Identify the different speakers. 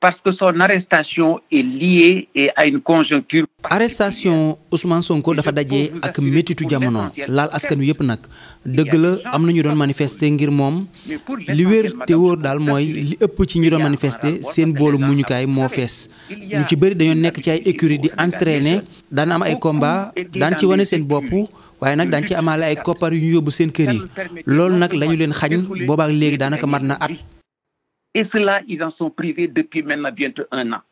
Speaker 1: parce que son arrestation est
Speaker 2: liée et eh, à une dafa daje ak métitu jamono laal askan wi yëpp nag dëgg la am na ñu doon manifester ngir moom li wér te wóor daal mooy li ëpp ci ñu doon manifeste seen boolu muñukaay moo fees ñu ci bëri dañoo nekk ci ay écurie di entraîner daan am ay combat daan ci wane seen bopp. waaye nag daan ci amaale ay koppar yu ñu yóbbu seen kër yi loolu nag la leen xañ boobaak léegi daanaka mat na at
Speaker 3: Et cela, ils en sont privés depuis maintenant bientôt un an.